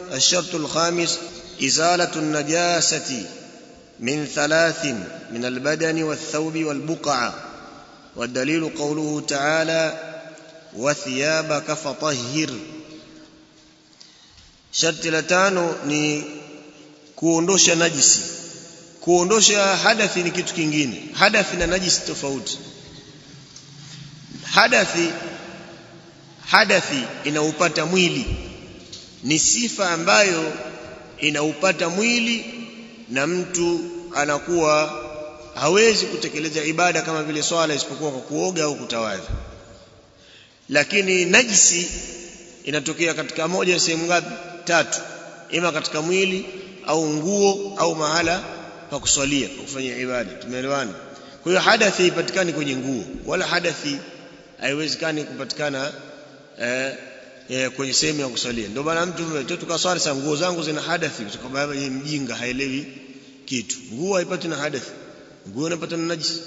الشرط الخامس إزالة النجاسة من ثلاث من البدن والثوب والبقعة والدليل قوله تعالى وثيابك فطهر شرط لتانو ني كوندوشا نجسي كوندوشا حدثي نكتو كنجين حدث نجس تفوت حدثي حدثي إنه upata mwili ni sifa ambayo inaupata mwili na mtu anakuwa hawezi kutekeleza ibada kama vile swala isipokuwa kwa kuoga au kutawadha. Lakini najisi inatokea katika moja ya sehemu ngapi? Tatu, ima katika mwili au nguo au mahala pa kuswalia pa kufanya ibada. Tumeelewana? Kwa hiyo hadathi haipatikani kwenye nguo wala hadathi haiwezekani kupatikana eh, Eh, kwenye sehemu ya kusalia. Ndio maana mtu tukaswali sana, nguo zangu zina hadathi, sababu yeye mjinga haelewi kitu. Nguo haipati na hadathi, nguo inapata na najisi.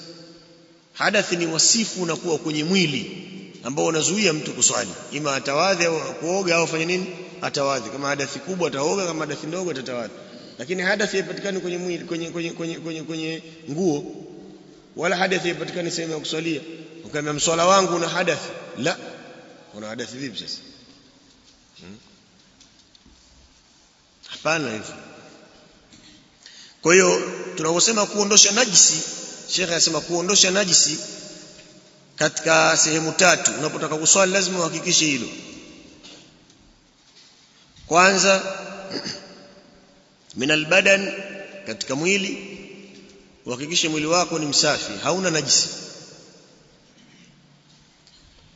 Hadathi ni wasifu unakuwa kwenye mwili ambao unazuia mtu kuswali, ima atawadhi au kuoga au fanya nini, atawadhi. Kama hadathi kubwa ataoga, kama hadathi ndogo atatawadhi. Lakini hadathi haipatikani kwenye mwili, kwenye, kwenye, kwenye, kwenye, kwenye nguo, wala hadathi haipatikani sehemu ya kusalia. Ukaambia mswala wangu una hadathi, la, una hadathi vipi sasa? Hmm? hapana hivyo kwa hiyo tunaposema kuondosha najisi shekhe anasema kuondosha najisi katika sehemu tatu unapotaka kuswali lazima uhakikishe hilo kwanza min albadan katika mwili uhakikishe mwili wako ni msafi hauna najisi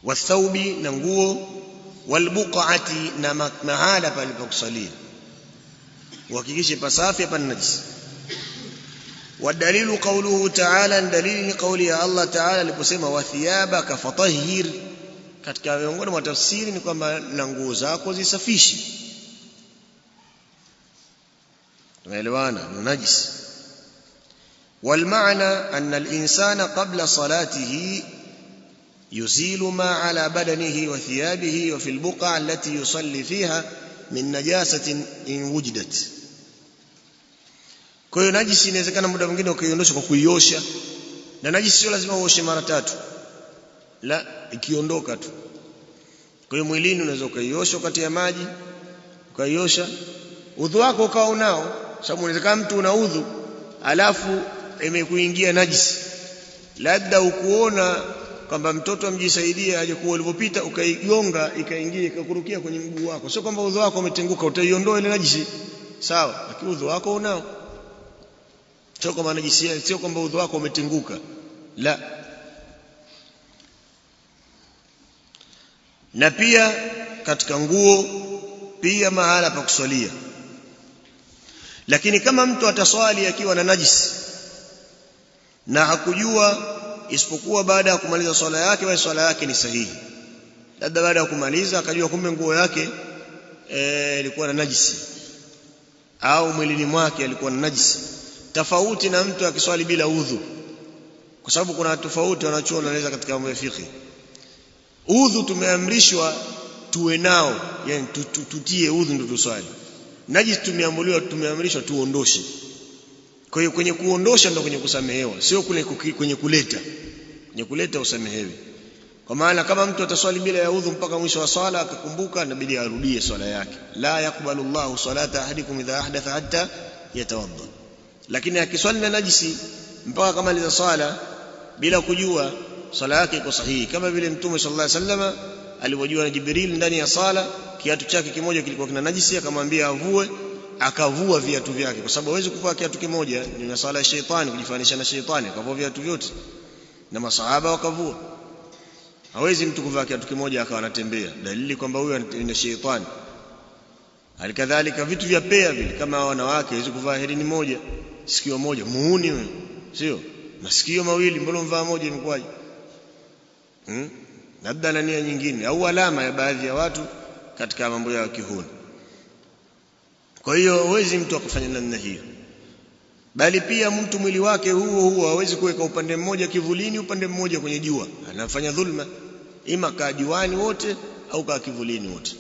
wathaubi na nguo والبقعة نمك مهالا بالبقصلين وكيش بصافي بالنجس والدليل قوله تعالى دليل قوله الله تعالى لقسم وثيابك فطهير كتك ينقل ما تفسير نقوم ننقوزاك وزي سفيشي ملوانا نجس والمعنى أن الإنسان قبل صلاته ala badanihi wa thiyabihi wa fil buqa allati yusalli fiha min najasatin in wujidat kwa hiyo najisi inawezekana muda mwingine ukaiondosha kwa kuiosha na najisi sio lazima uoshe mara tatu la ikiondoka tu kwa hiyo mwilini unaweza ukaiosha kati ya maji ukaiosha udhu wako ukawa unao sababu inawezekana mtu una udhu alafu imekuingia najisi labda ukuona kwamba mtoto amjisaidia kuwa ulivyopita ukaigonga ikaingia ikakurukia kwenye mguu wako sio kwamba udhu wako umetenguka utaiondoa ile najisi sawa lakini udhu wako unao sio kwamba najisi sio kwamba udhu wako umetenguka la na pia katika nguo pia mahala pa kusalia lakini kama mtu ataswali akiwa na najisi na hakujua isipokuwa baada ya kumaliza swala yake basi swala yake ni sahihi labda baada ya kumaliza akajua kumbe nguo yake e, ilikuwa e, na najisi au mwilini mwake alikuwa na najisi tofauti na mtu akiswali bila udhu kwa sababu kuna tofauti wanachuoni wanaweza katika mambo ya fiqh udhu tumeamrishwa tuwe nao yani tutie udhu ndio tuswali najisi tumeambuliwa tumeamrishwa tuondoshe kwa hiyo kwenye kuondosha ndio kwenye kusamehewa, sio kule kwenye kuleta. Kwenye kuleta usamehewi. Kwa maana kama mtu ataswali bila ya udhu mpaka mwisho wa swala akakumbuka, inabidi arudie swala yake. La yakbalu llahu salata ahadikum idha ahdatha hatta yatawadda. Lakini akiswali na najisi mpaka kama swala bila kujua, swala yake iko sahihi, kama vile Mtume sallallahu alaihi wasallam alivyojua na Jibril ndani ya sala, kiatu chake kimoja kilikuwa kina najisi, akamwambia avue akavua viatu vyake kwa sababu hawezi kuvaa kiatu kimoja ni masala ya sheitani kujifanisha na sheitani akavua viatu vyote na masahaba wakavua hawezi mtu kuvaa kiatu kimoja akawa anatembea dalili kwamba huyo ni sheitani Alikadhalika vitu vya pea vile kama wanawake hawezi kuvaa herini moja sikio moja muuni wewe sio masikio mawili mbona mvaa moja imekwaje hmm? labda na nia nyingine au alama ya baadhi ya watu katika mambo yao kihuni kwa hiyo hawezi mtu akafanya namna hiyo, bali pia mtu mwili wake huo huo hawezi kuweka upande mmoja kivulini, upande mmoja kwenye jua, anafanya dhulma. Ima kaa juani wote au kaa kivulini wote.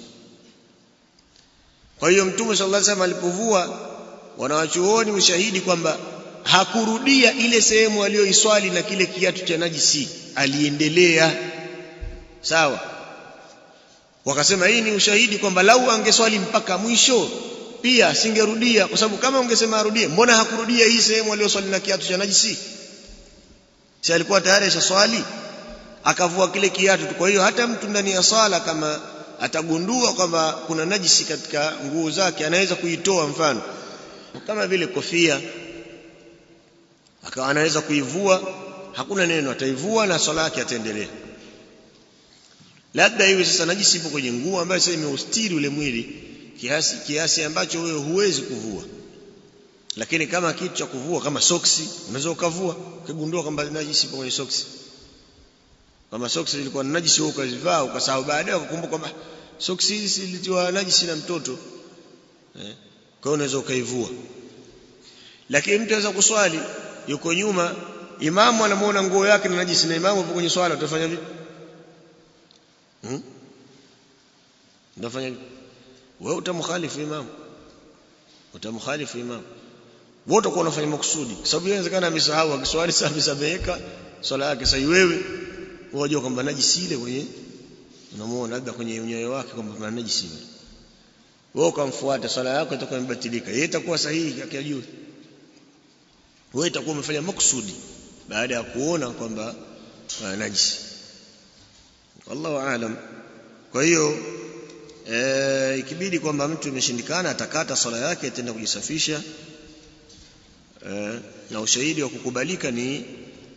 Kwa hiyo Mtume sallallahu alaihi wasallam alipovua, wanawachuoni ushahidi kwamba hakurudia ile sehemu aliyoiswali na kile kiatu cha najisi, aliendelea sawa. Wakasema hii ni ushahidi kwamba lau angeswali mpaka mwisho pia singerudia kwa sababu kama ungesema arudie mbona hakurudia hii sehemu aliyoswali na kiatu cha najisi si alikuwa tayari swali akavua kile kiatu kwa hiyo hata mtu ndani ya sala kama atagundua kwamba kuna najisi katika nguo zake anaweza kuitoa mfano kama vile kofia akawa anaweza kuivua hakuna neno ataivua na swala yake ataendelea labda iwe sasa najisi ipo kwenye nguo ambayo sasa imeustiri ule mwili kiasi, kiasi ambacho wewe huwezi kuvua. Lakini kama kitu cha kuvua kama soksi unaweza ukavua ukigundua kwamba najisi ipo kwenye soksi, kama soksi zilikuwa najisi, wewe ukazivaa ukasahau, baadaye ukakumbuka kwamba soksi hizi zilitiwa najisi na mtoto eh. Kwa hiyo unaweza ukaivua, lakini mtu anaweza kuswali yuko nyuma, imamu anamuona nguo yake na najisi, na imamu yupo kwenye swala, utafanya vipi? hmm? utafanya vipi? wewe utamkhalifu imam, utamkhalifu imam wewe utakuwa unafanya makusudi sababu inawezekana amesahau akiswali sasa amesabeheka swala yake sahi, wewe unajua kwamba najisi ile kwenye unamuona labda kwenye unyoyo wake kwamba najisi ile wewe ukamfuata swala yako itakuwa imebatilika yeye itakuwa sahihi akijua wewe itakuwa umefanya makusudi baada ya kuona kwamba eh, najisi wallahu aalam kwa hiyo e, ikibidi kwamba mtu imeshindikana atakata swala yake atenda kujisafisha e, na ushahidi wa kukubalika ni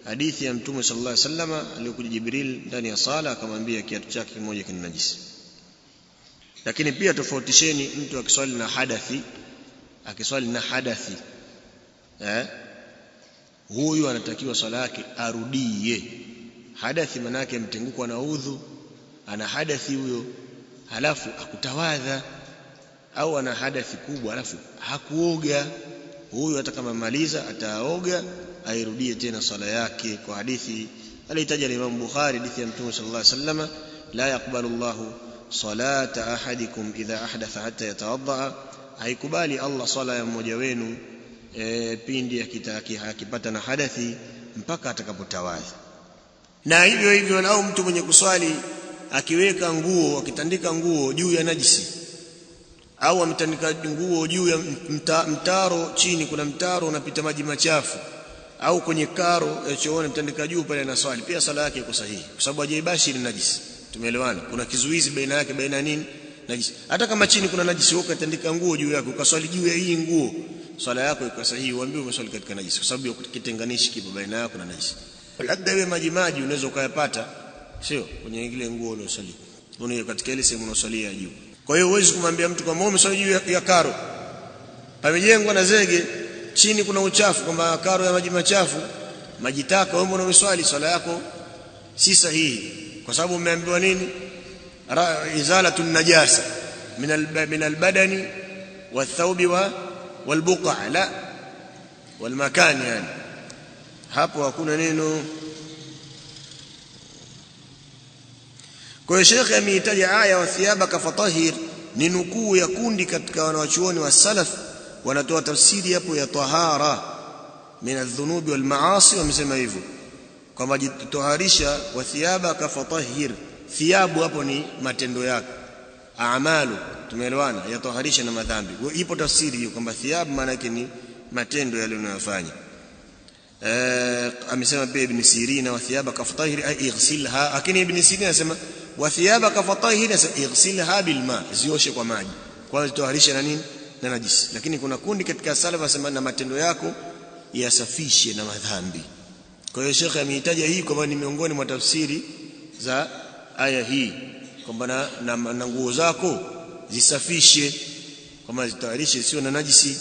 hadithi ya mtume sallallahu alaihi wasallam aliyokuja Jibril ndani ya sala akamwambia kiatu chake kimoja kina najisi lakini pia tofautisheni mtu akiswali na hadathi akiswali na hadathi eh? huyu anatakiwa swala yake arudie hadathi manake mtenguko na udhu ana hadathi huyo halafu akutawadha au ana hadathi kubwa halafu hakuoga huyu hata kama maliza ataoga airudie tena sala yake kwa hadithi alihitaji Imam Bukhari hadithi ya Mtume sallallahu alaihi wasallam la yaqbalu Allahu salata ahadikum idha ahdatha hatta yatawadda haikubali Allah sala ya mmoja wenu e, pindi akipata na hadathi mpaka atakapotawadha na hivyo hivyo nao mtu mwenye kuswali akiweka nguo akitandika nguo juu ya najisi au ametandika nguo juu ya mta, mtaro chini kuna mtaro unapita maji machafu au kwenye karo ya chooni mtandika juu pale na swali pia sala yake iko sahihi kwa sababu hajaibashi ni najisi tumeelewana kuna kizuizi baina yake baina nini najisi hata kama chini kuna najisi wewe ukatandika nguo juu yake ukaswali juu ya hii nguo swala yako iko sahihi uambie umeswali katika najisi kwa sababu ya kitenganishi kipo baina yako na najisi labda iwe maji maji unaweza ukayapata sio kwenye ile nguo uliosali unayo katika ile sehemu unaosalia ya juu kwa hiyo huwezi kumwambia mtu kwamba umesali juu ya karo pamejengwa na zege chini kuna uchafu kwamba karo ya maji machafu maji taka wewe mbona umeswali swala yako si sahihi kwa sababu umeambiwa nini izalatu najasa min albadani wathaubi wa walbuqa la walmakani yani hapo hakuna neno kwa hiyo shekhe ameitaja aya wa thiyabaka fatahir ni nukuu ya kundi katika wanawachuoni wa salaf wanatoa tafsiri hapo ya tahara min adh-dhunubi wal maasi wamesema hivyo kwamba jitoharisha wa thiyabaka fatahir thiyabu hapo ni matendo yako amalu tumeelewana yatoharisha na madhambi kwa ipo tafsiri hiyo kwamba thiyabu maana yake ni matendo yale unayofanya amesema pia ibn sirina wa thiyabaka fatahir ay ighsilha lakini ibn sirina anasema wa thiyabaka fatahira igsilha bilma zioshe kwa maji kwanza zitoharishe na nini na najisi lakini kuna kundi katika salafa sema na matendo yako yasafishe na madhambi kwa hiyo shekhe amehitaja hii kwamba ni miongoni mwa tafsiri za aya hii kwamba na, na, na nguo zako zisafishe kwamba zitoharishe sio na najisi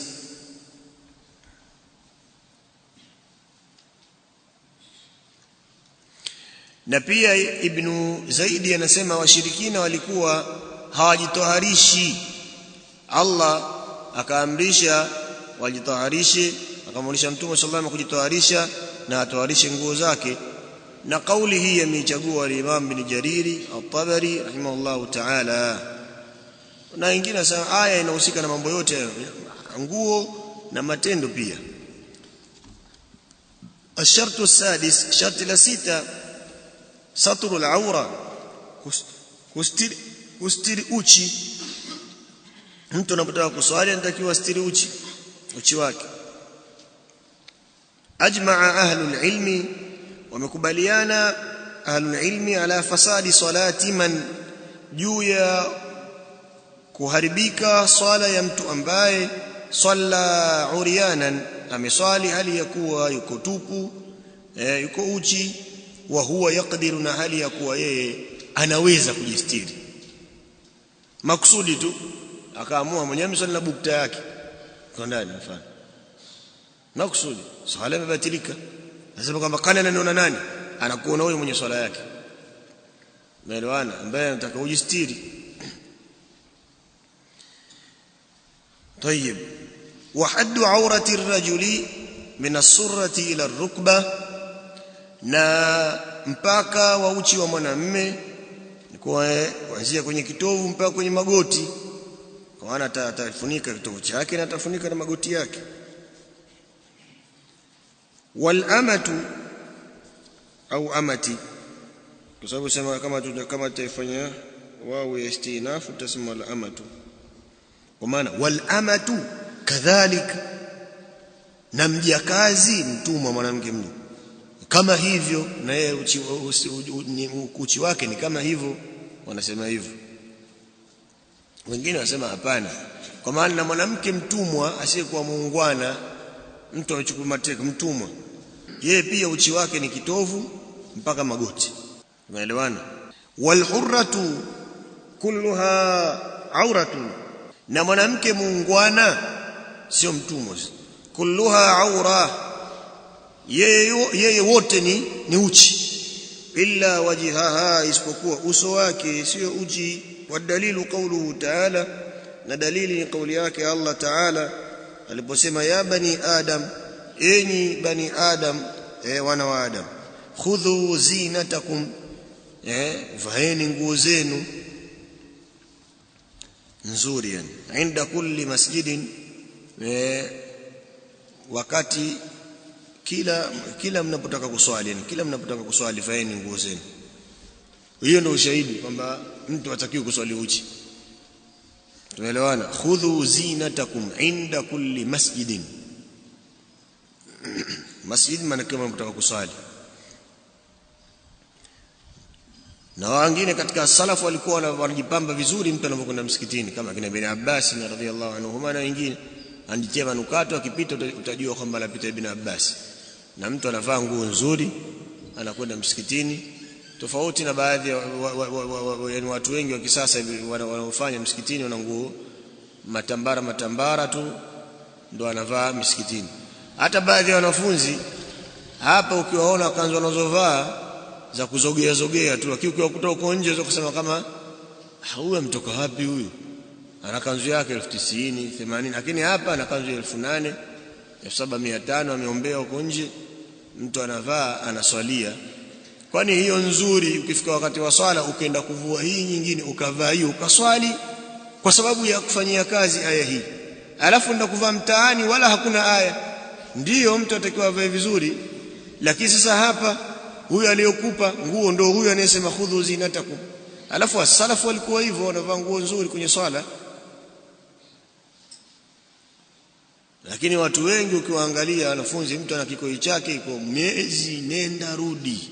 na pia ibnu zaidi anasema washirikina walikuwa hawajitoharishi allah akaamrisha wajitoharishe akamwamrisha mtume sallallahu alayhi kujitoharisha na atoharishe nguo zake na kauli hii ameichagua al-Imam bin Jariri al-Tabari rahimahullahu ta'ala na ingine sana aya inahusika na mambo yote nguo na matendo pia الشرط السادس شرط la sita satru aura kustiri kustiri uchi mtu anapotaka kuswali anatakiwa astiri uchi uchi wake ajmaa ahlul ilmi wamekubaliana ahlul ilmi ala fasadi salati man juu ya kuharibika swala ya mtu ambaye salla uriyanan ameswali hali ya kuwa yuko tupu e, yuko uchi wa huwa yaqdiru na hali ya kuwa yeye anaweza kujistiri makusudi tu akaamua mwenyewe msali na bukta yake kwa ndani mfano makusudi swala imebatilika nasema kwamba kale ananiona nani anakuona huyo mwenye swala yake naelewana ambaye anataka ujistiri طيب وحد عورة الرجل من السرة إلى الركبة na mpaka wa uchi wa mwanamme eh, kuanzia kwenye kitovu mpaka kwenye magoti kwa maana atafunika kitovu chake na atafunika na magoti yake wal amatu au amati kwa sababu sema kama kama tutaifanya wao ya istinafu tutasema wal amatu kwa maana wal amatu kadhalika na mjakazi mtumwa mwanamke mmoja kama hivyo na yeye uchi, uchi, uchi, uchi wake ni kama hivyo wanasema hivyo wengine wanasema hapana kwa maana na mwanamke mtumwa asiyekuwa muungwana mtu anachukua mateka mtumwa yeye pia uchi wake ni kitovu mpaka magoti umeelewana walhurratu kulluha auratun na mwanamke muungwana sio mtumwa kulluha aura yeye yeye wote ni ni uchi illa wajihaha isipokuwa uso wake sio uchi wadalilu qawluhu ta'ala na dalili ni kauli yake Allah ta'ala aliposema ya bani adam enyi bani adam e, wana wa adam khudhu zinatakum e, vaeni nguo zenu nzuri yani inda kulli masjidin e, wakati kila kila mnapotaka kuswali yani kila mnapotaka kuswali faeni nguo zenu hiyo ndio ushahidi kwamba mtu hatakiwi kuswali uchi tumeelewana khudhu zinatakum inda kulli masjidin masjid maana kama mtaka kuswali na wengine katika salafu walikuwa wanajipamba vizuri mtu anapokwenda msikitini kama kina Ibn Abbas na radhiallahu anhu na wengine anditia manukato akipita utajua kwamba anapita Ibn Abbas na mtu anavaa nguo nzuri anakwenda msikitini tofauti na baadhi ya wa, watu wengi wa kisasa wanaofanya msikitini wana nguo matambara matambara tu ndo anavaa msikitini hata baadhi ya wanafunzi hapa ukiwaona kanzu wanazovaa za kuzogea zogea tu lakini ukiwakuta huko nje unaweza kusema kama ah, huyu ametoka wapi huyu ana kanzu yake 1090 80 lakini hapa ana kanzu ya nane 7500 ameombea huko nje, mtu anavaa anaswalia. Kwani hiyo nzuri, ukifika wakati wa swala ukaenda kuvua hii nyingine ukavaa hiyo ukaswali, kwa sababu ya kufanyia kazi aya hii, alafu ndio kuvaa mtaani, wala hakuna aya. Ndiyo, mtu atakiwa avae vizuri, lakini sasa hapa huyo aliyokupa nguo ndio huyo anayesema khudhu zinatakum. Alafu asalafu walikuwa hivyo wanavaa nguo nzuri kwenye swala. lakini watu wengi ukiwaangalia wanafunzi mtu ana kikoi chake iko miezi nenda rudi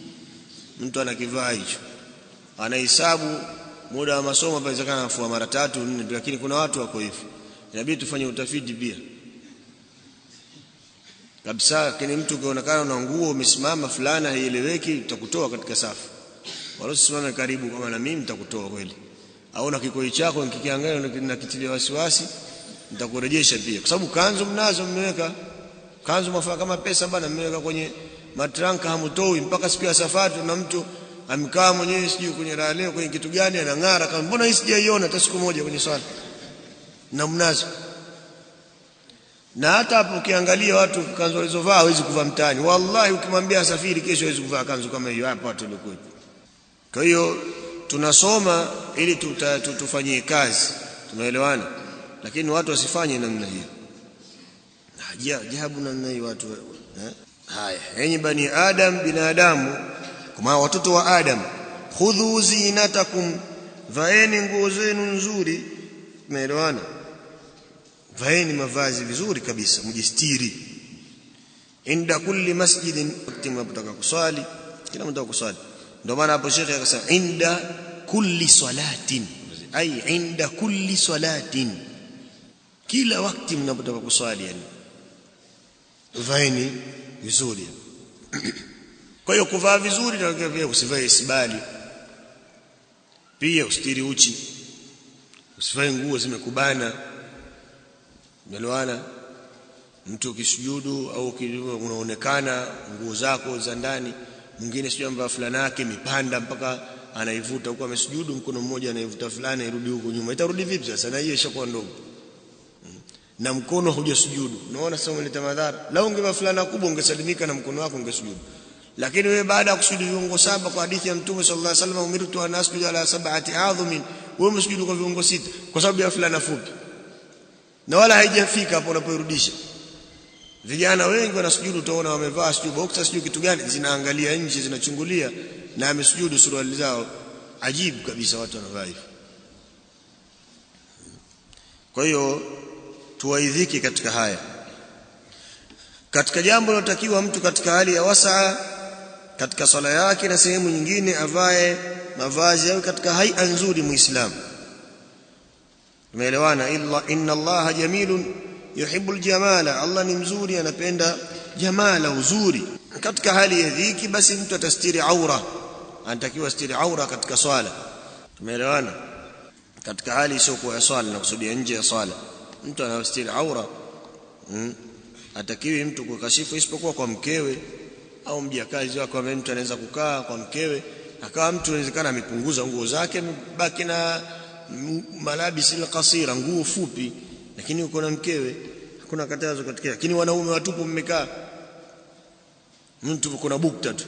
mtu anakivaa hicho anahesabu muda wa masomo inawezekana anafua mara tatu nne lakini kuna watu wako hivyo inabidi tufanye utafiti pia kabisa lakini mtu ukionekana una nguo umesimama fulana haieleweki utakutoa katika safu walosimama karibu kama na mimi nitakutoa kweli au na kikoi chako nikikiangalia na kitilia wasiwasi nitakurejesha pia, kwa sababu kanzu mnazo, mmeweka kanzu mafaa kama pesa bana, mmeweka kwenye matranka hamutoi mpaka siku ya safari. Na mtu amkaa mwenyewe sijui kwenye raha leo kwenye kitu gani, anang'ara kama mbona hii sijaiona hata siku moja kwenye swala, na mnazo na hata hapo ukiangalia watu kanzu walizovaa hawezi kuvaa mtaani. Wallahi, ukimwambia asafiri kesho hawezi kuvaa kanzu kama hiyo hapa watu walikuwa. Kwa hiyo tunasoma ili tuta, tutufanyie kazi, tunaelewana lakini watu wasifanye namna hiyo jabu namna hiyo watu eh? haya enyi bani adam binadamu kwa maana watoto wa adam khudhu zinatakum vaeni nguo zenu nzuri umeelewana vaeni mavazi vizuri kabisa mjistiri inda kulli masjidin wakati mnapotaka kuswali kila mtu kuswali ndio maana hapo shekhe akasema inda kulli salatin ai inda kulli salatin kila wakati mnapotaka kuswali yani vaini vizuri kwa hiyo kuvaa vizuri na pia usivae sibali pia usitiri uchi usivae nguo zimekubana umeelewana mtu ukisujudu au unaonekana nguo zako za ndani mwingine sio ambaye fulana yake mipanda mpaka anaivuta huko amesujudu mkono mmoja anaivuta fulana irudi huko nyuma itarudi vipi sasa na hiyo ishakuwa ndogo na mkono hujasujudu. Unaona sasa umeleta madhara. Lau ungevaa fulana kubwa ungesalimika na mkono wako ungesujudu, lakini wewe baada ya kusujudu viungo saba kwa hadithi ya Mtume sallallahu alaihi wasallam, umirtu an asjuda ala sab'ati adhumin, wewe umesujudu kwa viungo sita kwa sababu ya fulana fupi, na wala haijafika hapo unapoirudisha. Vijana wengi wanasujudu, utaona wamevaa sijui boxer sijui kitu gani, zinaangalia nje, zinachungulia na amesujudu suruali zao. Ajibu kabisa, watu wanavaa hivyo. Kwa hiyo tuwaidhike katika haya katika jambo linalotakiwa mtu katika hali ya wasaa katika sala yake na sehemu nyingine avae mavazi yake katika haia nzuri muislamu tumeelewana illa inna allah jamilun yuhibbul jamala allah ni mzuri anapenda jamala uzuri katika hali ya dhiki basi mtu atastiri aura anatakiwa astiri aura katika swala tumeelewana katika hali sio kwa swala na kusudia nje ya swala mtu anastiri aura hmm. atakiwi mtu kukashifu isipokuwa kwa mkewe au mjakazi wake ambaye mtu anaweza kukaa kwa mkewe akawa mtu inawezekana amepunguza nguo zake baki na malabis alqasira nguo fupi lakini uko na mkewe hakuna katazo katika lakini wanaume watupu mmekaa mtu na bukta tu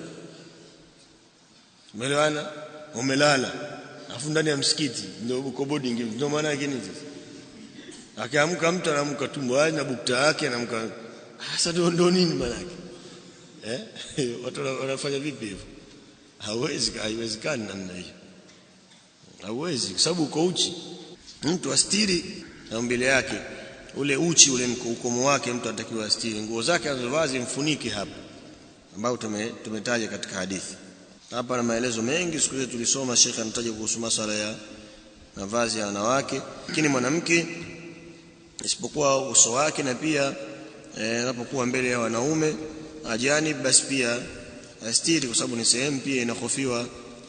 umeelewana umelala afu ndani ya msikiti ndio uko boarding ndio maana yake nini sasa Akiamka mtu anaamka tumbo wazi na bukta yake anaamka. hasa ndio nini maana Eh, watu wanafanya vipi hivyo? Hawezi, haiwezekani namna hiyo, hauwezi kwa sababu uko uchi. Mtu astiri mbele yake, ule uchi ule ukomo wake, mtu anatakiwa astiri. Nguo zake anazovaa zimfunike hapa, ambao tumetaja katika hadithi hapa na maelezo mengi. Siku ile tulisoma, shekhe anataja kuhusu masala ya mavazi ya wanawake, lakini mwanamke isipokuwa uso wake na pia eh, anapokuwa e, mbele ya wanaume ajanib basi pia astiri kwa sababu ni sehemu pia inakofiwa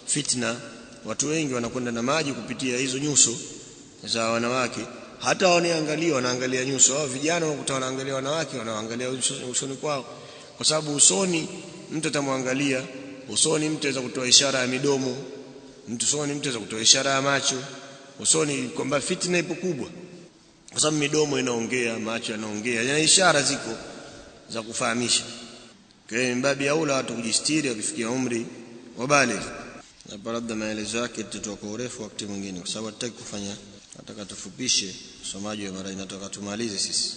fitna watu wengi wanakwenda na maji kupitia hizo nyuso za wanawake hata wanaangalia wanaangalia nyuso hao vijana wanakuta wanaangalia wanawake wanaangalia usoni kwao kwa sababu usoni mtu atamwangalia usoni mtu aweza kutoa ishara ya midomo mtu usoni mtu aweza kutoa ishara ya macho usoni kwamba fitna ipo kubwa kwa sababu midomo inaongea macho yanaongea yana ishara ziko za kufahamisha kwa hiyo mbabi aula watu kujistiri wakifikia umri wabali hapa labda maelezo yake tutatoa kwa urefu wakati mwingine kwa sababu hataki kufanya nataka tufupishe usomaji wa mara inatoka tumalize sisi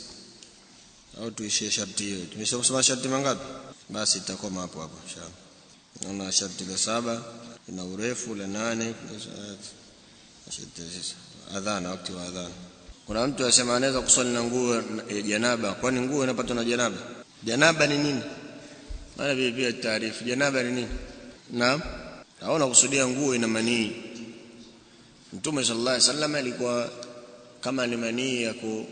au tuishie sharti hiyo tumesoma sharti mangapi basi itakoma hapo hapo inshallah naona sharti la saba ina urefu la nane eh, adhana wakati wa adhana kuna mtu asema anaweza kuswali na nguo ya janaba, kwani nguo inapatwa na janaba? Janaba ni nini? Maana vile vile taarifu, janaba ni nini? Naam, naona kusudia nguo ina manii. Mtume sallallahu alaihi wasallam alikuwa kama ni manii ya ku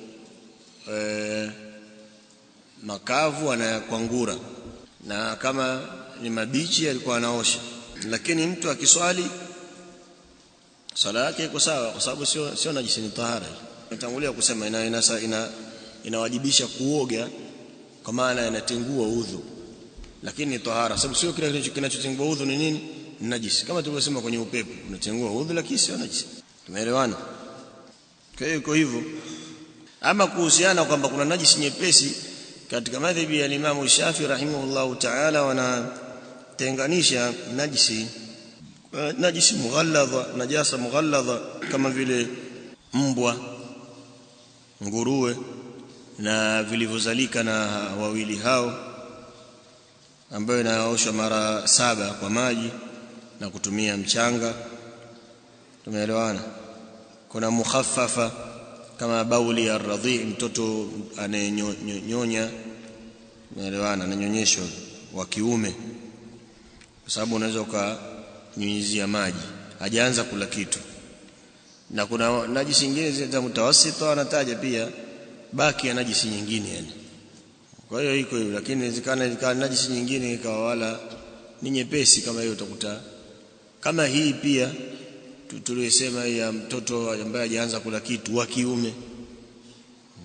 e, makavu anayakwangura, na kama ni mabichi alikuwa anaosha. Lakini mtu akiswali swala yake iko sawa, kwa sababu sio sio najisi, ni tahara natangulia kusema ina inasa, ina inawajibisha kuoga kwa maana inatengua udhu lakini ni tahara sababu sio kile kinachotengua udhu ni nini ni najisi kama tulivyosema kwenye upepo unatengua udhu lakini sio najisi tumeelewana kwa hiyo hivyo ama kuhusiana kwamba kuna najisi nyepesi katika madhhabi ya Imam Shafi rahimahullahu ta'ala wanatenganisha najisi eh, najisi mughalladha najasa mughalladha kama vile mbwa nguruwe na vilivyozalika na wawili hao ambayo inaoshwa mara saba kwa maji na kutumia mchanga tumeelewana kuna mukhaffafa kama bauli ya radhi mtoto anayenyonya tumeelewana ananyonyeshwa wa kiume kwa sababu unaweza ukanyunyizia maji hajaanza kula kitu na kuna najisi nyingine za mutawasita anataja pia baki ya najisi nyingine yani kwa hiyo iko hivyo lakini inawezekana ikawa najisi nyingine ikawa wala ni nyepesi kama hiyo utakuta kama hii pia tuliyosema ya mtoto ambaye hajaanza kula kitu wa kiume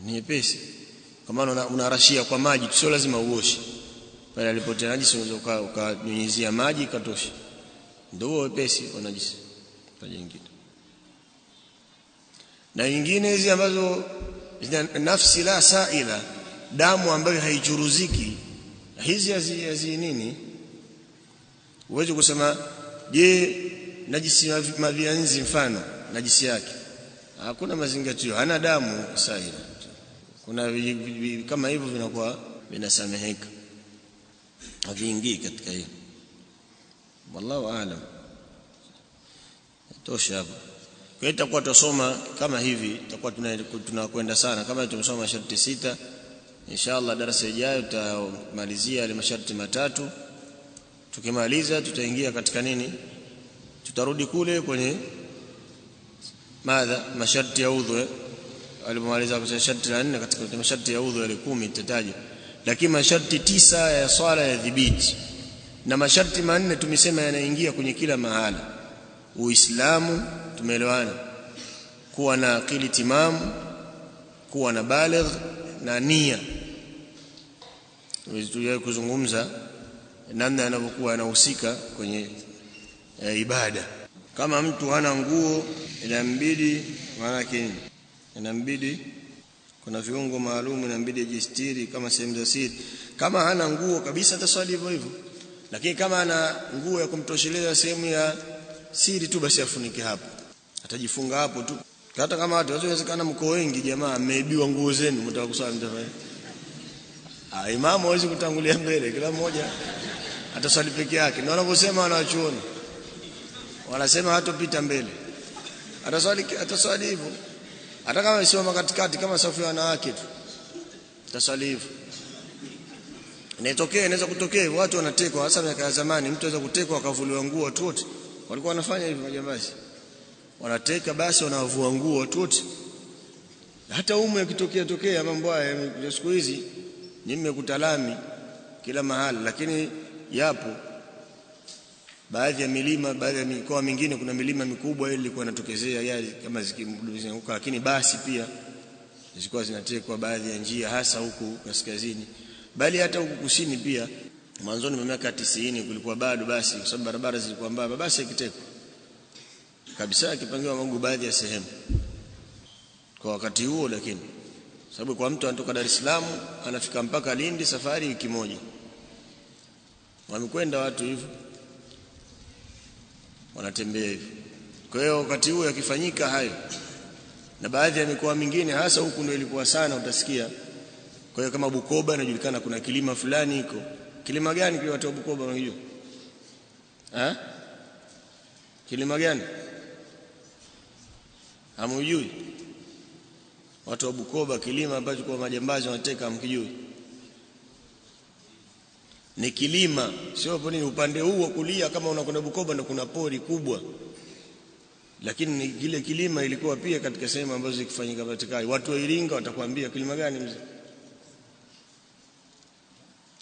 ni nyepesi kwa maana unarashia kwa maji sio lazima uoshe pale alipotea najisi unaweza ukanyunyizia maji katosha ndio wepesi wa najisi nyingine na nyingine hizi ambazo zina nafsi la saila, damu ambayo haichuruziki, hizi hazi nini, huwezi kusema je, najisi mavianzi, mfano najisi yake, hakuna mazingatio, hana damu saila. Kuna kama hivyo vinakuwa vinasameheka, haviingii katika hiyo. Wallahu aalam, tosha hapo. Kwa tutakuwa tusoma kama hivi, tutakuwa tunakwenda sana kama tumesoma masharti sita. Inshallah darasa ijayo tutamalizia ile masharti matatu. Tukimaliza tutaingia katika nini? Tutarudi kule kwenye madha masharti ya udhu eh. alipomaliza kwa sharti la nne katika masharti ya udhu yale kumi tutataja, lakini masharti tisa ya swala ya dhibiti na masharti manne tumesema yanaingia kwenye kila mahala uislamu tumeelewana kuwa na akili timamu kuwa na baligh na nia tuliwahi kuzungumza namna anavyokuwa anahusika kwenye e, ibada kama mtu hana nguo inambidi maana inambidi kuna viungo maalum inambidi ajistiri kama sehemu za siri kama hana nguo kabisa ataswali hivyo hivyo lakini kama ana nguo ya kumtosheleza sehemu ya siri tu basi afunike hapo, atajifunga hapo tu. Hata kama watu wasiwezekana, mko wengi jamaa, mmeibiwa nguo zenu, mtaka kusali mtafanya ah, imamu hawezi kutangulia mbele, kila mmoja atasali peke yake. Ndio wanavyosema wanachuoni wanasema hatopita mbele, ataswali ataswali hivyo, hata kama isimama katikati kama safu ya wanawake tu, ataswali hivyo. Inatokea, inaweza kutokea watu wanatekwa, hasa miaka ya zamani, mtu anaweza kutekwa akavuliwa nguo tu wote walikuwa wanafanya hivyo majambazi wanateka basi wanavua nguo watu wote hata umu yakitokea tokea mambo haya ya siku hizi nimekutalami kila mahali lakini yapo baadhi ya milima baadhi ya mikoa mingine kuna milima mikubwa ile ilikuwa inatokezea yale kama zikimdumizanguka lakini basi pia zilikuwa zinatekwa baadhi ya njia hasa huku kaskazini bali hata huku kusini pia mwanzoni mwa miaka 90 kulikuwa bado basi, kwa sababu barabara zilikuwa mbaya, basi yakitekwa kabisa, akipangiwa Magu baadhi ya sehemu kwa wakati huo. Lakini sababu kwa mtu anatoka Dar es Salaam anafika mpaka Lindi, safari wiki moja, wamekwenda watu hivyo, wanatembea hivyo. Kwa hiyo wakati huo yakifanyika hayo, na baadhi ya mikoa mingine, hasa huku ndio ilikuwa sana, utasikia. Kwa hiyo kama Bukoba inajulikana kuna kilima fulani iko Kilima gani kile watu wa Bukoba wanajua? Eh? Kilima gani? Hamujui? Watu wa Bukoba kilima ambacho kwa majambazi wanateka hamkijui. Ni kilima, sio poni upande huu wa kulia kama unakwenda Bukoba na kuna pori kubwa. Lakini ni kile kilima ilikuwa pia katika sehemu ambazo zikifanyika patikani. Watu wa Iringa watakwambia kilima gani mzee?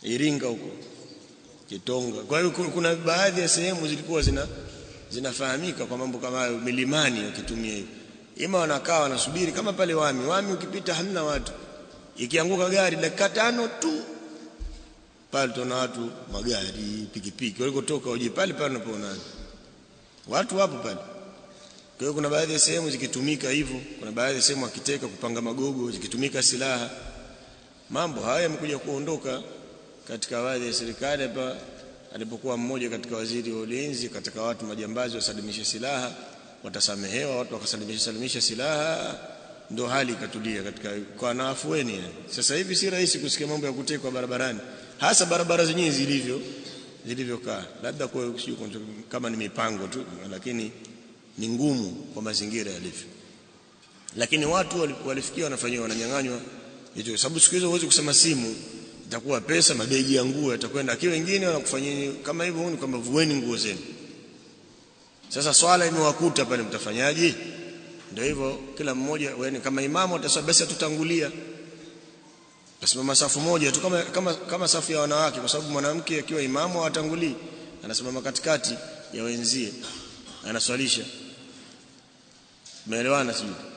Iringa huko Kitonga. Kwa hiyo kuna baadhi ya sehemu zilikuwa zina zinafahamika kwa mambo kama hayo, milimani wakitumia hiyo, ima wanakaa wanasubiri, kama pale Wami. Wami ukipita hamna watu, ikianguka gari dakika tano tu pale tuna watu, magari, pikipiki, walikotoka uje pale pale unapoonana watu wapo pale. Kwa hiyo kuna baadhi ya sehemu zikitumika hivyo, kuna baadhi ya sehemu akiteka kupanga magogo, zikitumika silaha, mambo haya yamekuja kuondoka katika wale ya serikali hapa alipokuwa mmoja katika waziri wa ulinzi katika watu majambazi wasalimishe silaha watasamehewa watu wakasalimisha salimisha silaha ndo hali ikatulia katika kwa naafueni sasa hivi si rahisi kusikia mambo ya kutekwa barabarani hasa barabara zenyewe zilivyo zilivyokaa labda kwa kama ni mipango tu lakini ni ngumu kwa mazingira yalivyo lakini watu walifikia wanafanywa wananyang'anywa hicho sababu siku hizo huwezi kusema simu itakuwa pesa, mabegi ya nguo yatakwenda, lakini wengine wanakufanyeni kama hivyo, ni kwamba vueni nguo zenu. Sasa swala imewakuta pale, mtafanyaje? Ndio hivyo, kila mmoja wewe, yaani kama imamu atasema basi atutangulia tasimama safu moja tu kama, kama, kama safu ya wanawake, kwa sababu mwanamke akiwa imamu hawatangulii, anasimama katikati ya wenzie, anaswalisha. Umeelewana sijui